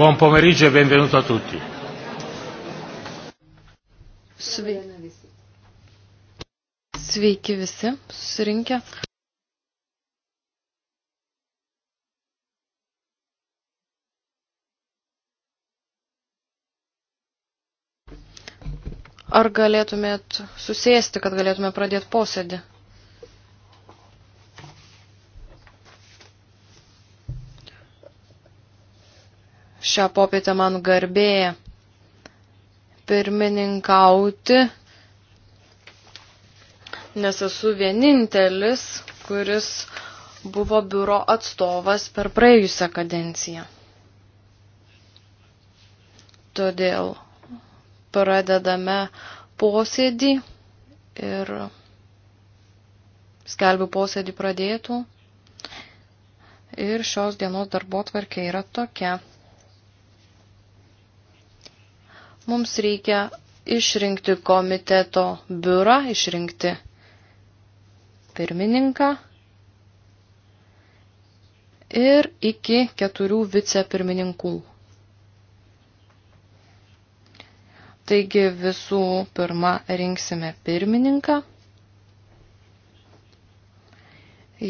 Buon pomeriggio e benvenuto a tutti. Sveiki visi, susirinkę. Ar galėtumėt susėsti, kad galėtume pradėti posėdį? Šią popietę man garbė pirmininkauti, nes esu vienintelis, kuris buvo biuro atstovas per praėjusią kadenciją. Todėl pradedame posėdį ir skelbiu posėdį pradėtų. Ir šios dienos darbo tvarkė yra tokia. Mums reikia išrinkti komiteto biurą, išrinkti pirmininką ir iki keturių vicepirmininkų. Taigi visų pirma rinksime pirmininką.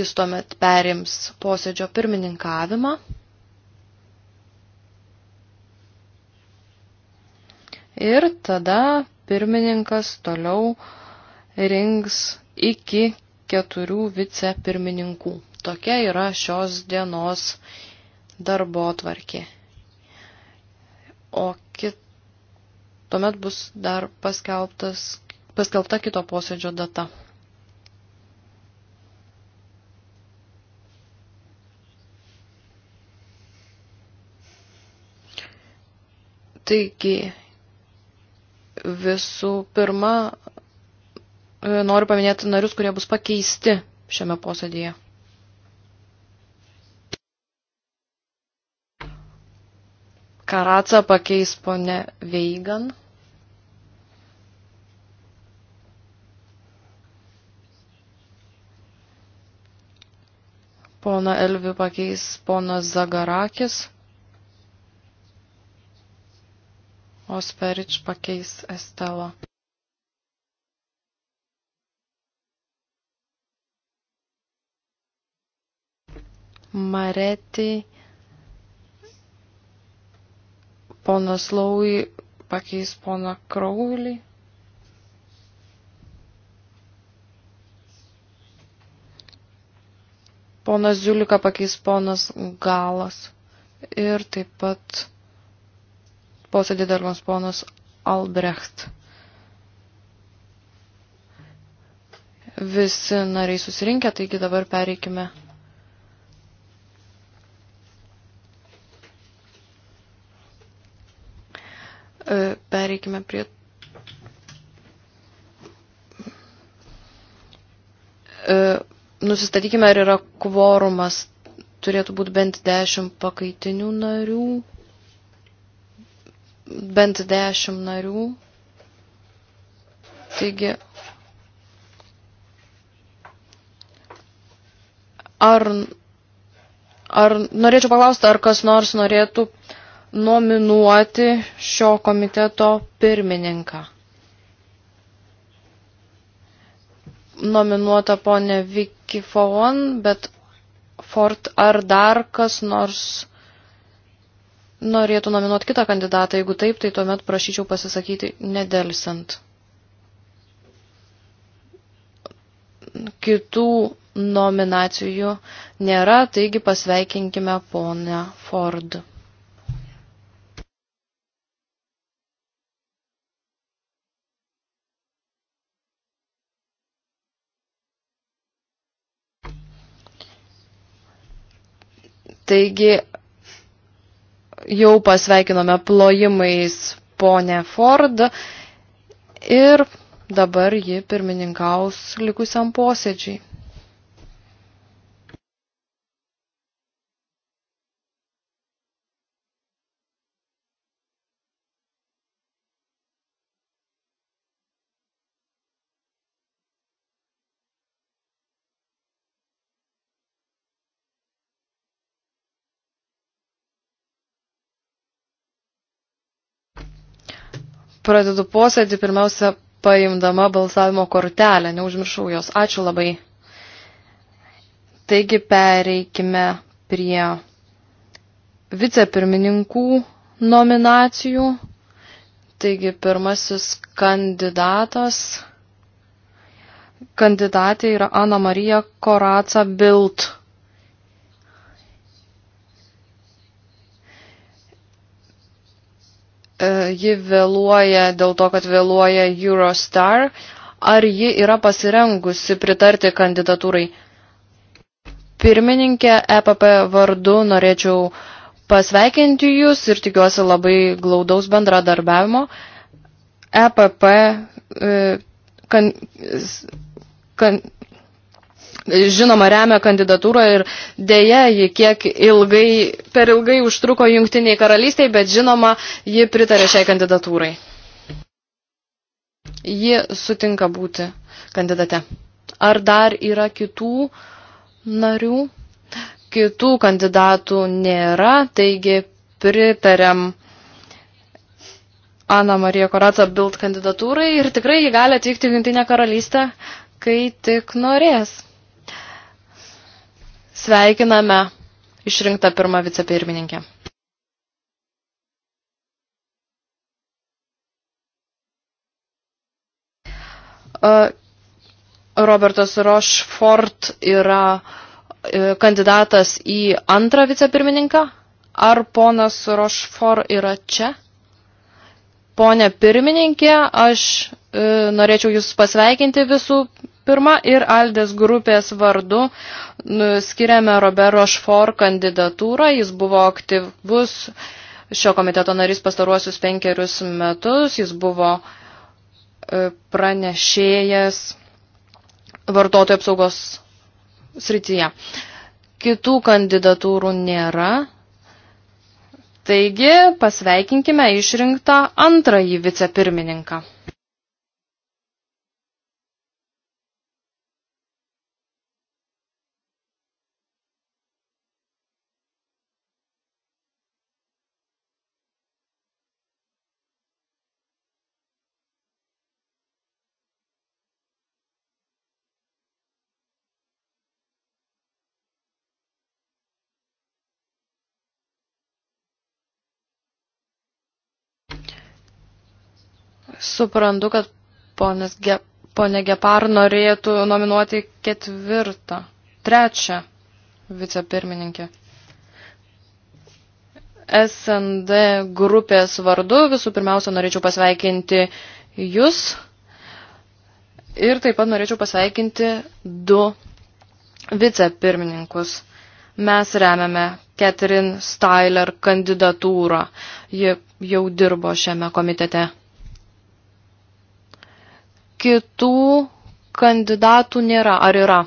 Jis tuomet perims posėdžio pirmininkavimą. ir tada pirmininkas toliau rinks iki keturių vicepirmininkų. Tokia yra šios dienos darbo tvarkė. O kit... tuomet bus dar paskelbtas, paskelbta kito posėdžio data. Taigi, Visų pirma, e, noriu paminėti narius, kurie bus pakeisti šiame posėdėje. Karaca pakeis ponę Veigan. Pona Elvi pakeis ponas Zagarakis. Osperič pakeis Estelo. Mareti ponas Lauji pakeis poną Kraulį. Ponas Ziulika pakeis ponas Galas. Ir taip pat posėdį darbams ponas Albrecht. Visi nariai susirinkę, taigi dabar pereikime. E, pereikime prie e, nusistatykime, ar yra kvorumas, turėtų būti bent 10 pakaitinių narių bent dešimt narių. Taigi, ar, ar norėčiau paklausti, ar kas nors norėtų nominuoti šio komiteto pirmininką. Nominuota ponė Vicky Fawon, bet Ford ar dar kas nors norėtų nominuoti kitą kandidatą. Jeigu taip, tai tuomet prašyčiau pasisakyti nedelsant. Kitų nominacijų nėra, taigi pasveikinkime ponę Ford. Taigi jau pasveikinome plojimais ponę Ford ir dabar ji pirmininkaus likusiam posėdžiui. pradedu posėdį pirmiausia paimdama balsavimo kortelę, neužmiršau jos. Ačiū labai. Taigi pereikime prie vicepirmininkų nominacijų. Taigi pirmasis kandidatas. Kandidatė yra Ana Marija Koraca Bilt. E, ji vėluoja dėl to, kad vėluoja Eurostar, ar ji yra pasirengusi pritarti kandidatūrai. Pirmininkė EPP vardu norėčiau pasveikinti Jūs ir tikiuosi labai glaudaus bendradarbiavimo. EPP e, kan, kan, žinoma remia kandidatūrą ir dėja ji kiek ilgai, per ilgai užtruko jungtiniai karalystiai, bet žinoma ji pritarė šiai kandidatūrai. Ji sutinka būti kandidate. Ar dar yra kitų narių? Kitų kandidatų nėra, taigi pritariam Ana Marija Koraca Bild kandidatūrai ir tikrai ji gali atvykti į Jungtinę karalystę, kai tik norės. Sveikiname išrinktą pirmą vicepirmininkę. E, Robertas Rochefort yra e, kandidatas į antrą vicepirmininką. Ar ponas Rochefort yra čia? Pone pirmininkė, aš e, norėčiau Jūs pasveikinti visų Pirma ir Aldės grupės vardu nu, skiriame Robert Rochefort kandidatūrą. Jis buvo aktyvus šio komiteto narys pastaruosius penkerius metus. Jis buvo e, pranešėjas vartotojų apsaugos srityje. Kitų kandidatūrų nėra. Taigi pasveikinkime išrinktą antrąjį vicepirmininką. Suprantu, kad ponas Ge, ponė Gepar norėtų nominuoti ketvirtą, trečią vicepirmininkę. SND grupės vardu visų pirmiausia norėčiau pasveikinti jūs ir taip pat norėčiau pasveikinti du vicepirmininkus. Mes remiame Catherine Styler kandidatūrą. Ji jau dirbo šiame komitete. Kitų kandidatų nėra. Ar yra?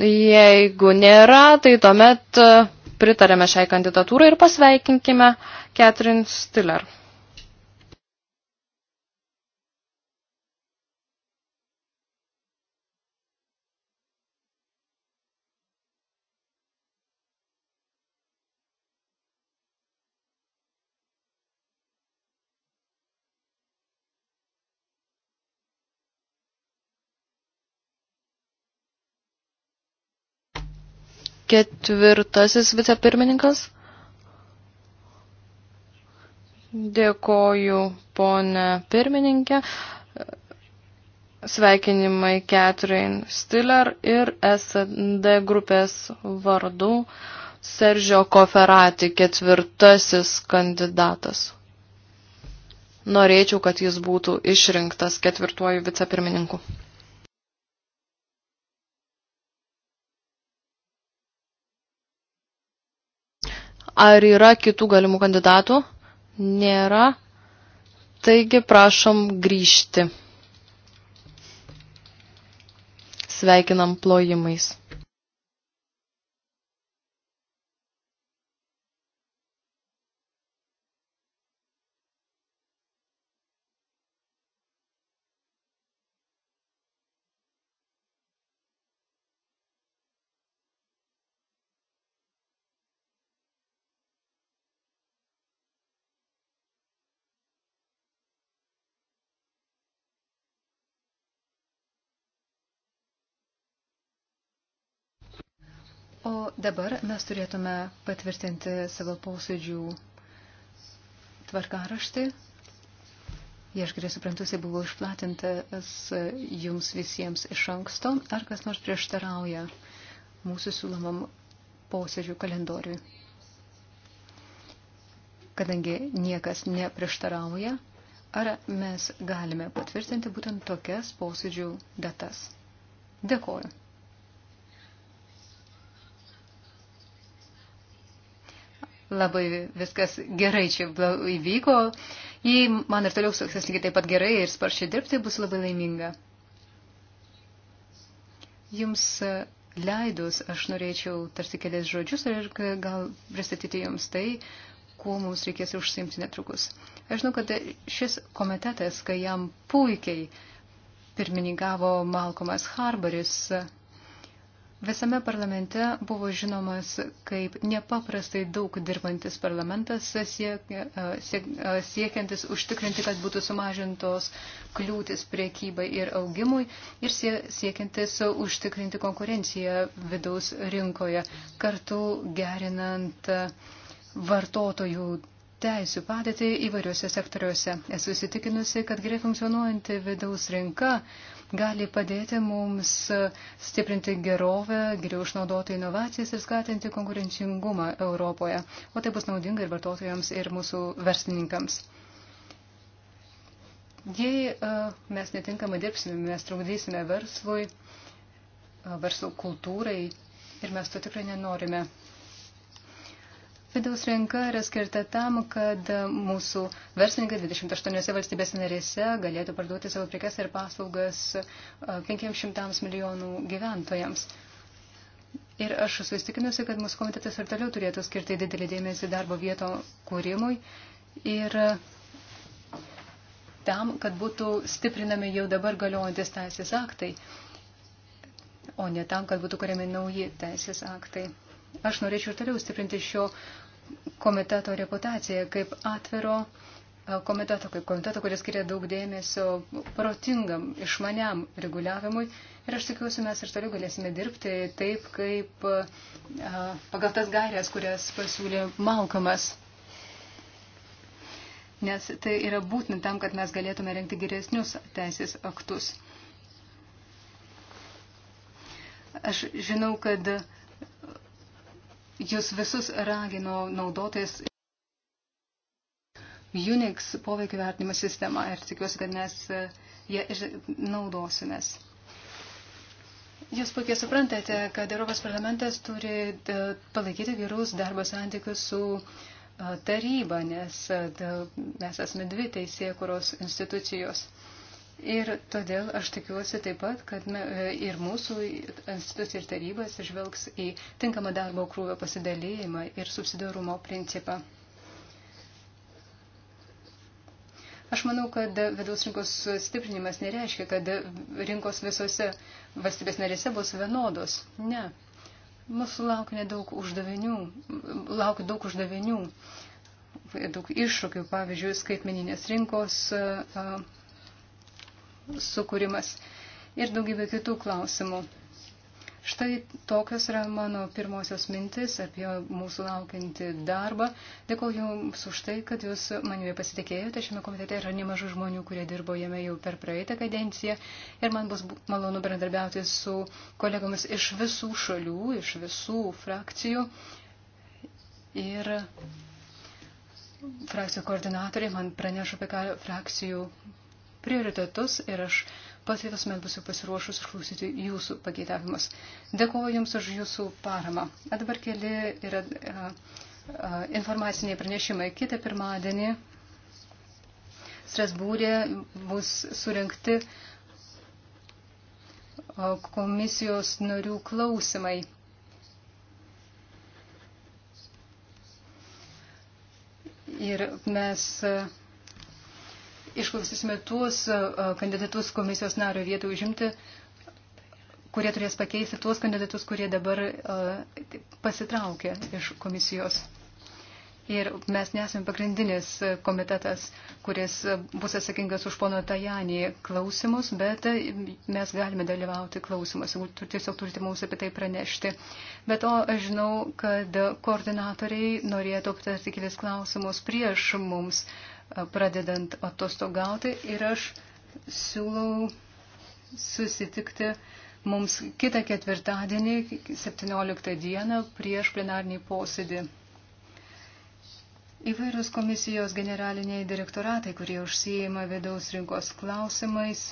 Jeigu nėra, tai tuomet e, pritarėme šiai kandidatūrai ir pasveikinkime Catherine Stiller. ketvirtasis vicepirmininkas. Dėkoju, ponė pirmininkė. Sveikinimai Catherine Stiller ir SD grupės vardu Seržio Koferati ketvirtasis kandidatas. Norėčiau, kad jis būtų išrinktas ketvirtuoju vicepirmininku. Ar yra kitų galimų kandidatų? Nėra. Taigi prašom grįžti. Sveikinam plojimais. O dabar mes turėtume patvirtinti savo posėdžių tvarkaraštį. Jei aš gerai suprantu, jisai buvo išplatintas jums visiems iš anksto. Ar kas nors prieštarauja mūsų siūlomam posėdžių kalendoriui? Kadangi niekas neprieštarauja, ar mes galime patvirtinti būtent tokias posėdžių datas? Dėkoju. labai viskas gerai čia įvyko. Jei man ir toliau suksis lygiai taip pat gerai ir sparčiai dirbti, bus labai laiminga. Jums leidus aš norėčiau tarsi kelias žodžius ir gal pristatyti jums tai, kuo mums reikės užsimti netrukus. Aš žinau, kad šis komitetas, kai jam puikiai pirmininkavo Malcolmas Harbaris, Visame parlamente buvo žinomas kaip nepaprastai daug dirbantis parlamentas, siek, e, siek, e, siekiantis užtikrinti, kad būtų sumažintos kliūtis priekybai ir augimui ir siekiantis užtikrinti konkurenciją vidaus rinkoje, kartu gerinant vartotojų teisų padėtį įvairiuose sektoriuose. Esu įsitikinusi, kad gerai funkcionuojanti vidaus rinka gali padėti mums stiprinti gerovę, geriau išnaudoti inovacijas ir skatinti konkurencingumą Europoje. O tai bus naudinga ir vartotojams, ir mūsų verslininkams. Jei uh, mes netinkamai dirbsime, mes trukdysime verslui, uh, verslo kultūrai ir mes to tikrai nenorime. Vidaus rinka yra skirta tam, kad mūsų verslininkai 28 valstybės narėse galėtų parduoti savo prekes ir paslaugas 500 milijonų gyventojams. Ir aš esu įstikinusi, kad mūsų komitetas ir toliau turėtų skirti didelį dėmesį darbo vieto kūrimui ir tam, kad būtų stiprinami jau dabar galiojantis teisės aktai, o ne tam, kad būtų kuriami nauji teisės aktai. Aš norėčiau ir toliau stiprinti šio komiteto reputaciją kaip atviro e, komiteto, kaip komiteto, kuris skiria daug dėmesio protingam, išmaniam reguliavimui. Ir aš tikiuosi, mes ir toliau galėsime dirbti taip, kaip a, e, pagal tas gairias, kurias pasiūlė Malkamas. Nes tai yra būtina tam, kad mes galėtume renkti geresnius teisės aktus. Aš žinau, kad Jūs visus ragino naudotis Unix poveikio vertinimo sistemą ir tikiuosi, kad mes e, ją naudosimės. Jūs puikiai suprantate, kad Europos parlamentas turi e, palaikyti gerus darbo santykius su e, taryba, nes mes esame dvi teisėkuros institucijos. Ir todėl aš tikiuosi taip pat, kad e, ir mūsų institucija ir tarybas žvelgs į tinkamą darbo krūvio pasidalėjimą ir subsidarumo principą. Aš manau, kad vidaus rinkos stiprinimas nereiškia, kad rinkos visose valstybės narėse bus vienodos. Ne. Mūsų laukia nedaug uždavinių, laukia daug uždavinių, daug iššūkių, pavyzdžiui, skaitmeninės rinkos. Uh, sukūrimas ir daugybė kitų klausimų. Štai tokios yra mano pirmosios mintis apie mūsų laukiantį darbą. Dėkoju Jums už tai, kad Jūs manimi pasitikėjote. Šiame komitete yra nemažai žmonių, kurie dirbo jame jau per praeitą kadenciją. Ir man bus malonu bendradarbiauti su kolegomis iš visų šalių, iš visų frakcijų. Ir frakcijų koordinatoriai man praneša apie ką frakcijų prioritetus ir aš pats visuomet būsiu pasiruošus išklausyti jūsų pageidavimus. Dėkuoju Jums už Jūsų paramą. A dabar keli yra a, a, informaciniai pranešimai. Kitą pirmadienį Strasbūrė bus surinkti komisijos narių klausimai. Ir mes. A, išklausysime tuos kandidatus komisijos nario vietų užimti, kurie turės pakeisti tuos kandidatus, kurie dabar pasitraukė iš komisijos. Ir mes nesame pagrindinis komitetas, kuris bus atsakingas už pono Tajanį klausimus, bet mes galime dalyvauti klausimuose. Tiesiog turite mums apie tai pranešti. Bet o aš žinau, kad koordinatoriai norėtų aptarti kelis klausimus prieš mums pradedant atostogauti ir aš siūlau susitikti mums kitą ketvirtadienį, 17 dieną, prieš plenarnį posėdį. Įvairūs komisijos generaliniai direktoratai, kurie užsijima vidaus rinkos klausimais,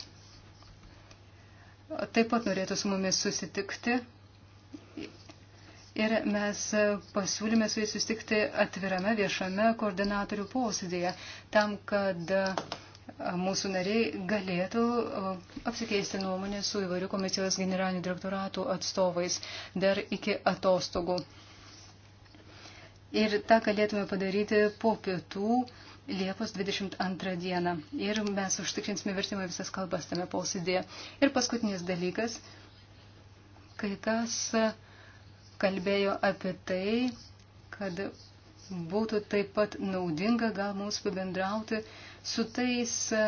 taip pat norėtų su mumis susitikti Ir mes pasiūlėme su jais sustikti atvirame viešame koordinatorių posėdėje, tam, kad mūsų nariai galėtų apsikeisti nuomonę su įvairių komisijos generalinių direktoratų atstovais dar iki atostogų. Ir tą galėtume padaryti po pietų Liepos 22 dieną. Ir mes užtikrinsime vertimą visas kalbas tame posėdėje. Ir paskutinis dalykas, kai kas. Uh, kalbėjo apie tai, kad būtų taip pat naudinga gal mums pabendrauti su tais e,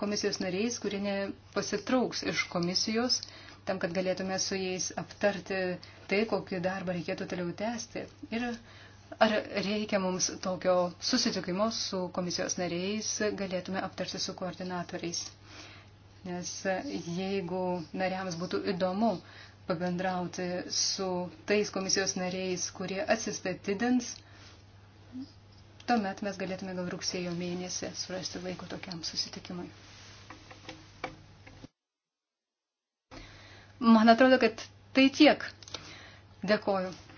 komisijos nariais, kurie nepasitrauks iš komisijos, tam, kad galėtume su jais aptarti tai, kokį darbą reikėtų toliau tęsti. Ir ar reikia mums tokio susitikimo su komisijos nariais, galėtume aptarti su koordinatoriais. Nes e, jeigu nariams būtų įdomu pabendrauti su tais komisijos nariais, kurie atsistatydins, tuomet mes galėtume gal rugsėjo mėnesį surasti laiko tokiam susitikimui. Man atrodo, kad tai tiek. Dėkoju.